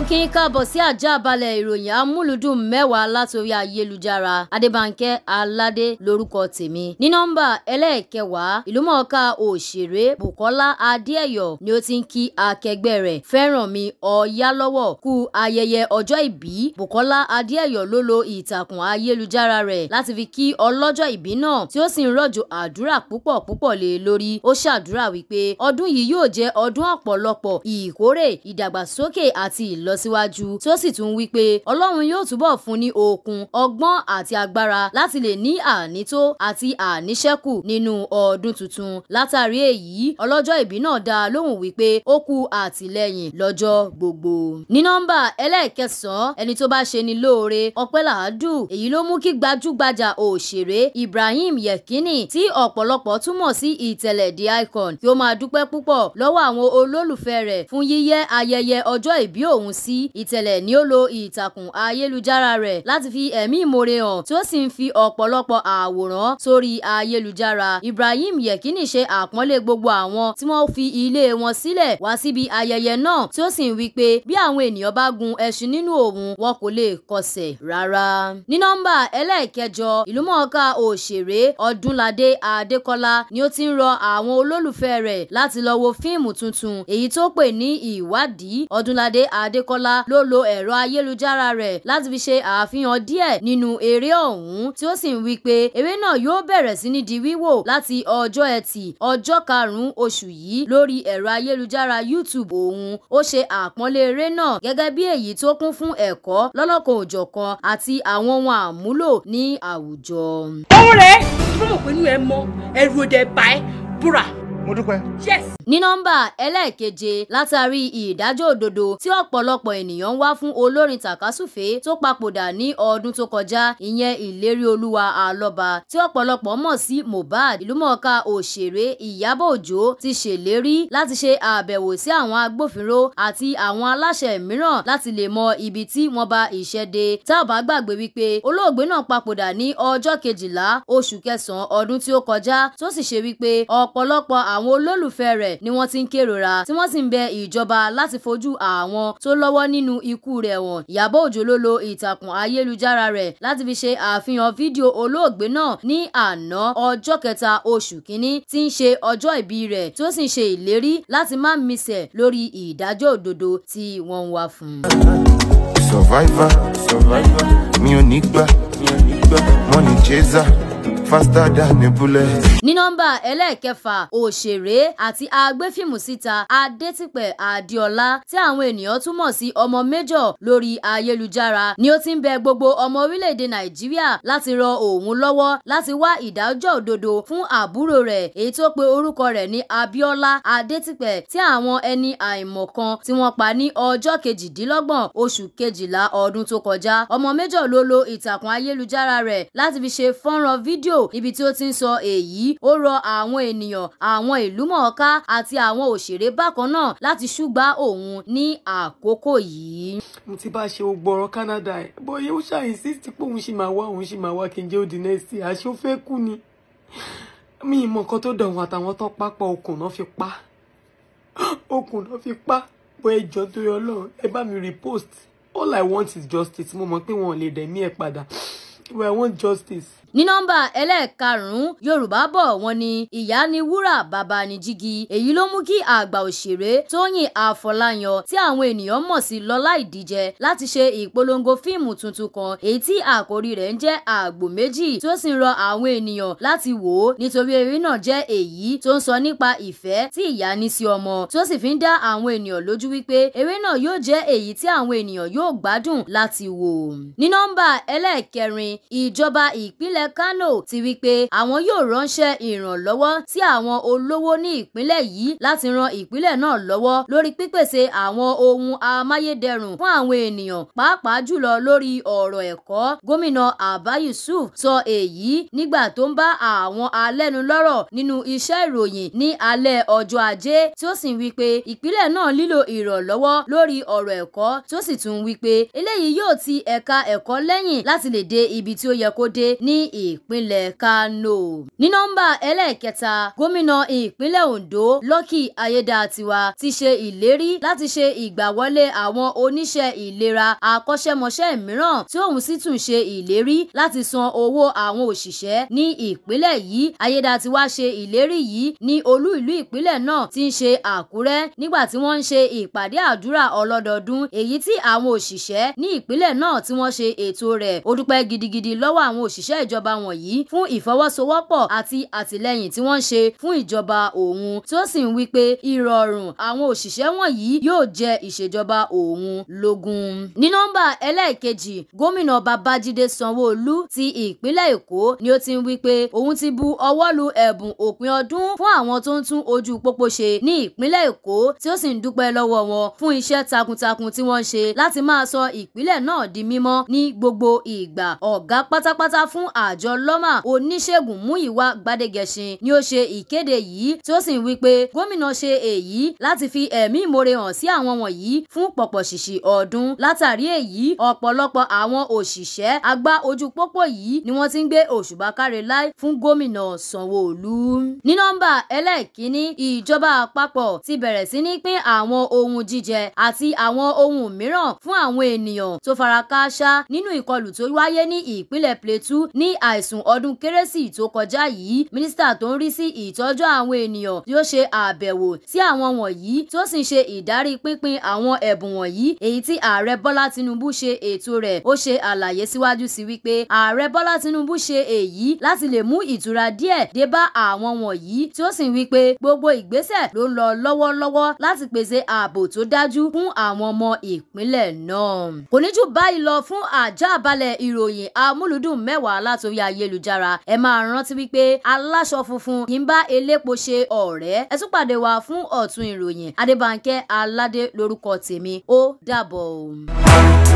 mo kí n káàbọ̀ sí àjàbalẹ̀ ìròyìn amúlùdùn mẹ́wàá látòrí ayélujára adébánkẹ́ aládé lórúkọ tèmi ní nọ́mbà ẹlẹ́ẹ̀kẹwàá ìlúmọ̀ọ́ká òṣèré bùkọ́lá adéẹ̀yọ̀ ni ó ti ń kí akẹgbẹ́ rẹ̀ fẹ́rànmi ọ̀yálọ́wọ̀ kú ayẹyẹ ọjọ́ ìbí bùkọ́lá adéẹ̀yọ̀ ló lo ìtàkùn ayélujára rẹ̀ láti fi kí ọlọ́jọ́ ìbí náà tí ó sì ń rọ̀jò àdúrà púpọ̀ púpọ̀ lé e lórí ó ṣàdúrà wípé ọdún yìí yóò jẹ́ ọdún ọ̀pọ̀lọpọ̀ ìkórè ìdàgbàsókè àti ìl ìlọsíwájú tí ó sì tún wí pé ọlọ́run yóò túbọ̀ fún ní okun ọgbọ́n àti agbára láti lè ní ànító àti àníṣẹ́kù nínú ọdún tuntun látàrí èyí ọlọ́jọ́ ìbí náà dá lóhùn wípé ó kú àtìlẹ́yìn lọ́jọ́ gbogbo. ní nọ́mbà ẹlẹ́ẹ̀kẹsàn-án ẹni tó bá ṣe ni lóore ọpẹ́ làádù èyí ló mú kí gbajúgbajà òṣèré Ibrahim Yekini tí ọ̀pọ̀lọpọ̀ túmọ̀ sí ìtẹ̀lẹ̀ the icon kí ó máa dúpẹ́ púpọ̀ lọ́wọ́ àwọn olólùfẹ́ rẹ̀ fún yíyẹ ayẹyẹ ọjọ́ ìbí òun sí ìtẹ̀lẹ̀ ni ó lo ìtàkùn ayélujára rẹ̀ láti fi ẹ̀mí ìmoore hàn tí ó sì ń fi ọ̀pọ̀lọpọ̀ àwòrán sórí ayélujára Ibrahim Yekini ṣe àpọ́nlé gbogbo àwọn tí wọ́n fi ilé wọn sílẹ̀ wá síbi ayẹyẹ náà tí ó sì ń wí pé bí àwọn ènìyàn bá gun ẹṣin nínú òun wọn kò lè kọsẹ̀ rárá. ní nọ́mbà ẹlẹ́ẹ̀kẹjọ ìlúmọ̀ọ́ká òṣèré Ọdúnládé Adékọ́lá ni ó ti ń rọ àwọn olólùfẹ́ rẹ̀ láti lọ wo fíìmù tuntun èyí tó pè ní ìwádìí Ọdúnládé Adékọ́lá Kọ́lá ló lo ẹ̀rọ ayélujára rẹ̀ láti fi ṣe àfihàn díẹ̀ nínú eré ọ̀hún tí ó sì ń wí pé eré náà yóò bẹ̀rẹ̀ sí ní di wíwò láti ọjọ́ ẹtì ọjọ́ karùn-ún oṣù yìí lórí ẹ̀rọ ayélujára YouTube òun ó ṣe àpọ́nlé eré náà gẹ́gẹ́ bí èyí tó kún fún ẹ̀kọ́ lọ́lọ́kan òjọ̀kan àti àwọn ohun àmúlò ní àwùjọ. ohun rẹ̀ tí wọ́n mọ̀ pé ẹ mọ ẹrù òde bá ẹ búra mo dúpẹ́. yes. ní nọ́mbà ẹlẹ́ẹ̀keje látàrí ìdájọ́ òdodo tí ọ̀pọ̀lọpọ̀ ènìyàn ń wá fún olórin tàkásùfé tó papòdà ní ọdún tó kọjá ìyẹn ìlérí olúwa àlọ́ba tí ọ̀pọ̀lọpọ̀ mọ̀ sí Mohbad ìlúmọ̀ọ́ká òṣèré Ìyábọ̀ Òjó ti ṣèlérí láti ṣe àbẹ̀wò sí àwọn agbófinró àti àwọn aláṣẹ mìíràn láti lè mọ ibi tí wọ́n bá ìṣẹ́ dé tá ò bá gbàgbé wípé olóògbé náà papòdà ní ọjọ́ kejìlá oṣù kẹsàn-án ọdún tí ó kọjá tó sì ṣe wípé ọ̀pọ̀lọpọ̀ àwọn olólùfẹ́ rẹ̀ ni wọ́n ti ń kérora tí wọ́n sì ń bẹ ìjọba láti fojú àwọn tó lọ́wọ́ nínú ikú rẹ̀ wọ̀n Ìyábọ̀ Òjó ló lo ìtàkùn ayélujára rẹ̀ láti fi ṣe àfihàn fídíò olóògbé náà ní àná ọjọ́ kẹta oṣù kínní tí ń ṣe ọjọ́ ìbí rẹ̀ tí sì ń ṣe ìlérí láti má misẹ̀ lórí ìdájọ́ òdodo tí wọ́n ń wá fún survivor survivor mi ò ní gbà mi ò ní faster than a bullet. ní nọ́mbà ẹlẹ́ẹ̀kẹfà òṣèré àti agbéfìmù síta adétìpẹ̀ adéọlá tí àwọn ènìyàn túmọ̀ sí ọmọ méjọ̀ lórí ayélujára ni ó ti ń bẹ gbogbo ọmọ orílẹ̀-èdè nàìjíríà láti rọ òun lọ́wọ́ láti wá ìdájọ́ òdodo fún àbúrò rẹ̀ èyí tó pe orúkọ rẹ̀ ní abíọ́lá adétìpẹ̀ tí àwọn ẹni àìmọ̀kan tí wọ́n pa ní ọjọ́ kejìdínlọ́gbọ̀n oṣù kejìlá ọdún tó kọjá ọmọ méjọ̀ ló lo ìtàkùn ayélujára rẹ̀ láti fi ṣe fọ́nrán fídíò rédíò níbi tí ó ti ń sọ èyí ó rọ àwọn ènìyàn àwọn ìlúmọ̀ọ́ká àti àwọn òṣèré bákan náà láti ṣúgbà òun ní àkókò yìí. mo ti bá ṣe gbogbo ọ̀rọ̀ Canada ẹ̀ bóyá ó ṣàyìn sí ti pé òun ṣì máa wá òun ṣì máa wá kí n jẹ́ òdì nẹ́ẹ̀sì àṣé kú ni mi ìmọ̀ nǹkan tó dọ̀hún àtàwọn tó pápá okùn náà fi pa okùn náà fi pa bóyá ìjọ tó yọ ọlọ́run ẹ bá mi repost all i want is justice mo mọ̀ pé wọn ò lè dẹ̀mí ẹ̀ padà well i want justice ní nọ́mbà ẹlẹ́ẹ̀karùn-ún yorùbá bọ̀ wọ́n ní ìyá ni wúrà bàbá ni jígí èyí ló mú kí àgbà òṣèré tóyìn àfọláyàn tí àwọn ènìyàn mọ̀ sí lọ́lá ìdíje láti ṣe ìpolongo fíìmù tuntun kan èyí tí àkórí rẹ̀ ń jẹ́ àgbò méjì tí ó sì ń rọ àwọn ènìyàn láti wò ó nítorí eré náà jẹ́ èyí tó ń sọ nípa ìfẹ́ tí ìyá ní sí ọmọ tí ó sì fi ń dá àwọn ènìyàn lójú wípé eré náà yóò jẹ́ èyí tí àwọn ènìyàn yóò gbádùn láti wò ní nọ́mbà ẹlẹ́ẹ̀kẹrin ìjọba ìpínlẹ̀ ìpínlẹ̀ Kano ti wí pé àwọn yóò ránṣẹ́ ìrànlọ́wọ́ sí àwọn olówó ní ìpínlẹ̀ yìí láti ran ìpínlẹ̀ náà lọ́wọ́ lórí pípèsè àwọn ohun amáyédẹrùn fún àwọn ènìyàn pàápàá jùlọ lórí ọ̀rọ̀ ẹ̀kọ́ gómìnà Abba Yusuf sọ èyí nígbà tó ń bá àwọn alẹ́nulọ́rọ̀ nínú iṣẹ́ ìròyìn ní alẹ́ ọjọ́ ajé tí ó sì ń wí pé ìpínlẹ̀ náà lílo ìrànlọ́wọ́ lórí ọ̀rọ̀ ẹ̀kọ́ tí ó sì tún wí pé eléyìí yóò ti ẹ̀ka ẹ̀kọ́ lẹ́yìn láti lè dé ibi tí ó yẹ kó dé ní ìpínlẹ̀ Kano. ní nọ́mbà ẹlẹ́ẹ̀kẹta gómìnà ìpínlẹ̀ Ondo Lucky Ayédàtiwa ti ṣe ìlérí láti ṣe ìgbàwọlé àwọn oníṣẹ́ ìlera akọ́ṣẹ́mọṣẹ́ mìíràn tí òun sì tún ṣe ìlérí láti san owó àwọn òṣìṣẹ́ ní ìpínlẹ̀ yìí Ayédàtiwa ṣe ìlérí yìí ní olú ìlú ìpínlẹ̀ náà ti ń ṣe Àkúrẹ́ nígbà tí wọ́n ń ṣe ìpàdé àdúrà ọlọ́dọọdún èyí tí àwọn òṣìṣẹ́ ní ìpínlẹ̀ náà tí wọ́n ṣe ètò rẹ̀ ó dúpẹ́ gidigidi lọ́wọ́ àwọn òṣìṣẹ́ ìjọba ìjọba wọ̀nyí fún ìfọwọ́sowọ́pọ̀ àti àtìlẹ́yìn tí wọ́n ń ṣe fún ìjọba òun tí ó sì ń wí pé ìrọ̀rùn àwọn òṣìṣẹ́ wọ̀nyí yóò jẹ ìṣèjọba òun lógún. ní nọ́mbà ẹlẹ́ẹ̀kejì gómìnà babájídé sanwó-olú ti ìpínlẹ̀ èkó ni ó ti ń wí pé òun ti bu ọwọ́ lu ẹ̀bùn òpin ọdún fún àwọn tó ń tún ojú pópó ṣe ní ìpínlẹ̀ èkó tí ó sì ń dúpẹ́ lọ́wọ́ wọn fún iṣẹ́ takuntakun tí wọ́n ṣe láti máa sọ ìpínlẹ̀ náà di mímọ́ ní gbogbo ìgbà ọ̀gá pátápátá fún à àjọ lọ́mà oníṣègùn múyìwá gbadegẹṣin ni ó ṣe ìkéde yìí tí ó sì ń wí pé gómìnà ṣe èyí láti fi ẹ̀mí ìmoore hàn sí àwọn wọ̀nyí fún pọ̀pọ̀ ṣìṣì ọdún látàrí èyí ọ̀pọ̀lọpọ̀ àwọn òṣìṣẹ́ agbá ojú pópó yìí ni wọ́n ti ń gbé òṣùbà káre láì fún gómìnà sanwó-olú. ní nọ́mbà ẹlẹ́ẹ̀kínní ìjọba àpapọ̀ ti bẹ̀rẹ̀ sí ní pín àwọn ohun jíjẹ àti àwọn ohun mìíràn fún àwọn ènìyàn tó fara kááṣá nínú ìkọlù tó wáyé ní ìpínlẹ̀ Plateau ní àìsùn ọdún kérésì tó kọjá yìí mínísítà tó ń rí sí ìtọ́jú àwọn ènìyàn tí ó ṣe àbẹ̀wò sí àwọn wọ̀nyí tí ó sì ń ṣe ìdarí pínpín àwọn ẹ̀bùn wọ̀nyí èyí tí ààrẹ Bọ́lá Tinubu ṣe ètò rẹ̀ ó ṣe àlàyé síwájú sí wípé ààrẹ Bọ́lá Tinubu ṣe èyí láti lè mú ìtura díẹ̀ dé bá àwọn wọ̀nyí tí ó sì ń wípé gbogbo ìgbésẹ̀ ló ń lọ lọ́wọ́lọ́wọ́ láti pèsè ààbò tó dájú fún àwọn ọmọ ìpínlẹ̀ náà kò sórí ayélujára ẹ máa rántí wípé aláṣọ funfun kì í bá elépo ṣe ọ̀rẹ́ ẹ tún pàdé wa fún ọ̀tún ìròyìn Adébánkẹ́ Aládé lórúkọ tèmi ó dàbọ̀ o.